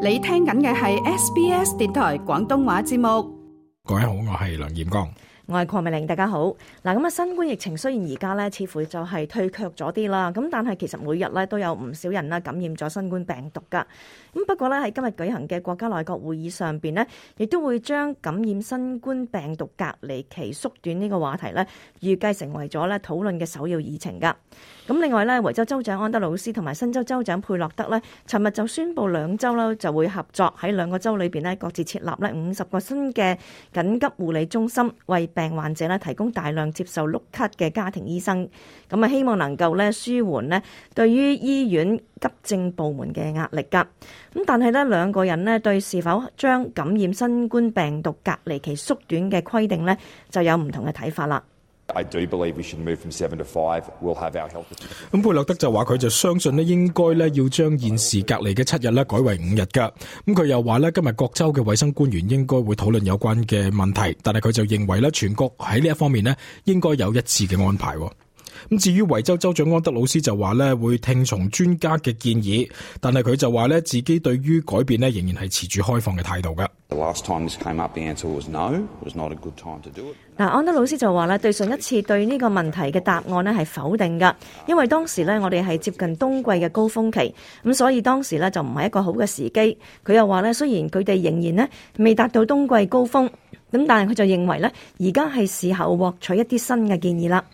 你聽緊嘅係 SBS 電台廣東話節目，各位好，我係梁艷剛。我係鄺美玲，大家好。嗱，咁啊，新冠疫情雖然而家咧，似乎就係退卻咗啲啦，咁但係其實每日咧都有唔少人啦感染咗新冠病毒噶。咁不過咧喺今日舉行嘅國家內閣會議上邊呢，亦都會將感染新冠病毒隔離期縮短呢個話題呢，預計成為咗咧討論嘅首要議程噶。咁另外咧，維州州長安德魯斯同埋新州州長佩洛德呢，尋日就宣布兩州啦就會合作喺兩個州裏邊呢各自設立呢五十個新嘅緊急護理中心為病患者咧提供大量接受碌咳嘅家庭醫生，咁啊，希望能夠咧舒緩咧對於醫院急症部門嘅壓力噶。咁但係咧兩個人咧對是否將感染新冠病毒隔離期縮短嘅規定咧就有唔同嘅睇法啦。I do believe we should move from seven to five. We'll have our health. 咁，貝洛德就話佢就相信咧，應該咧要將現時隔離嘅七日咧改為五日噶。咁佢又話咧，今日各州嘅衛生官員應該會討論有關嘅問題，但係佢就認為咧，全國喺呢一方面咧應該有一致嘅安排。咁至於維州州長安德老師就話咧，會聽從專家嘅建議，但係佢就話咧，自己對於改變仍然係持住開放嘅態度噶。The last time this came up, the answer was no. It was not a good time to do it. 嗱，安德老師就話咧，對上一次對呢個問題嘅答案咧係否定噶，因為當時咧我哋係接近冬季嘅高峰期，咁所以當時咧就唔係一個好嘅時機。佢又話咧，雖然佢哋仍然咧未達到冬季高峰，咁但係佢就認為咧，而家係時候獲取一啲新嘅建議啦。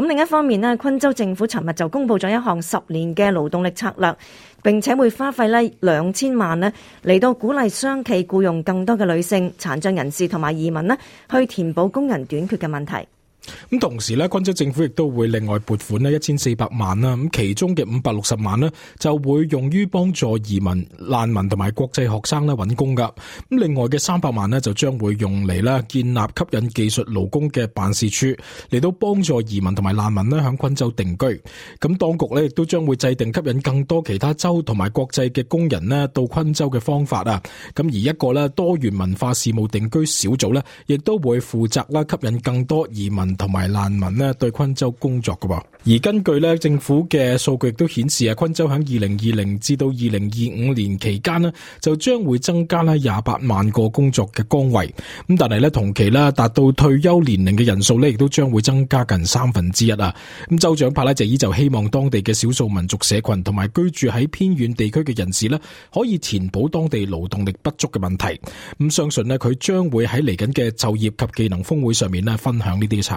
咁另一方面呢昆州政府尋日就公布咗一項十年嘅勞動力策略，並且會花費呢兩千萬呢嚟到鼓勵商企僱用更多嘅女性、殘障人士同埋移民呢去填補工人短缺嘅問題。咁同時咧，昆州政府亦都會另外撥款呢一千四百萬啦，咁其中嘅五百六十萬呢，就會用於幫助移民、難民同埋國際學生咧搵工噶。咁另外嘅三百萬呢，就將會用嚟啦建立吸引技術勞工嘅辦事處，嚟到幫助移民同埋難民呢，喺昆州定居。咁當局咧亦都將會制定吸引更多其他州同埋國際嘅工人呢，到昆州嘅方法啊。咁而一個咧多元文化事務定居小組咧亦都會負責啦吸引更多移民，同埋難民咧，對昆州工作噶而根據咧政府嘅數據，亦都顯示啊，昆州喺二零二零至到二零二五年期間呢，就將會增加呢廿八萬個工作嘅崗位。咁但係呢，同期呢，達到退休年齡嘅人數呢，亦都將會增加近三分之一啊。咁州長帕拉謝爾就希望當地嘅少數民族社群同埋居住喺偏遠地區嘅人士呢，可以填補當地勞動力不足嘅問題。咁相信呢，佢將會喺嚟緊嘅就業及技能峰會上面呢，分享呢啲嘅策。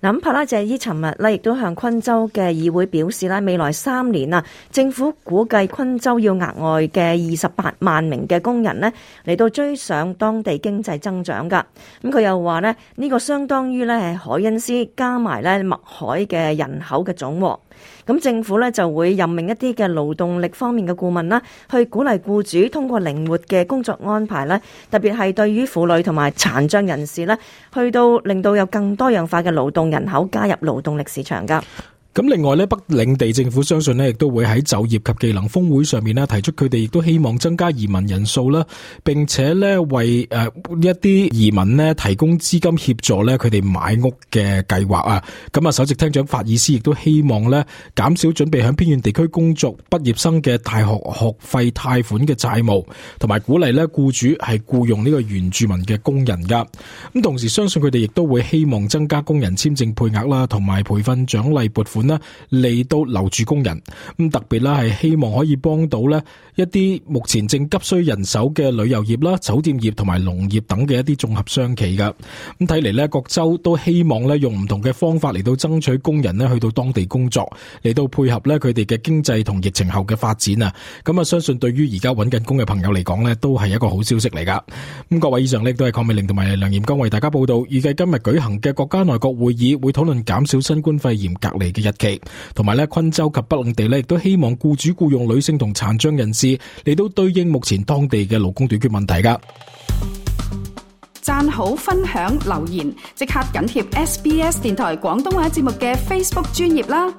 咁帕拉謝伊尋日咧，亦都向昆州嘅議會表示呢，未來三年啊，政府估計昆州要額外嘅二十八萬名嘅工人呢，嚟到追上當地經濟增長噶。咁佢又話呢，呢、呢個相當於咧海恩斯加埋咧墨海嘅人口嘅總和。咁政府咧就會任命一啲嘅勞動力方面嘅顧問啦，去鼓勵僱主通過靈活嘅工作安排咧，特別係對於婦女同埋殘障人士咧，去到令到有更多樣化嘅勞動。人口加入勞動力市場噶。咁另外咧，北領地政府相信咧，亦都會喺就業及技能峰會上面咧，提出佢哋亦都希望增加移民人數啦，並且咧為誒一啲移民咧提供資金協助咧，佢哋買屋嘅計劃啊。咁啊，首席廳長法爾斯亦都希望咧減少準備喺偏遠地區工作畢業生嘅大學學費貸款嘅債務，同埋鼓勵咧雇主係雇傭呢個原住民嘅工人噶。咁同時，相信佢哋亦都會希望增加工人簽證配額啦，同埋培訓獎勵撥款。啦嚟到留住工人咁特別啦，係希望可以幫到咧一啲目前正急需人手嘅旅遊業啦、酒店業同埋農業等嘅一啲綜合商企噶咁睇嚟咧，各州都希望咧用唔同嘅方法嚟到爭取工人咧去到當地工作嚟到配合咧佢哋嘅經濟同疫情後嘅發展啊！咁啊，相信對於而家揾緊工嘅朋友嚟講咧，都係一個好消息嚟噶。咁各位，以上咧都係鄺美玲同埋梁艷剛為大家報道，預計今日舉行嘅國家內閣會議會討論減少新冠肺炎隔離嘅日。同埋咧，昆州及北領地咧，亦都希望僱主僱傭女性同殘障人士嚟到對應目前當地嘅勞工短缺問題噶。讚好分享留言，即刻緊貼 SBS 電台廣東話節目嘅 Facebook 專頁啦。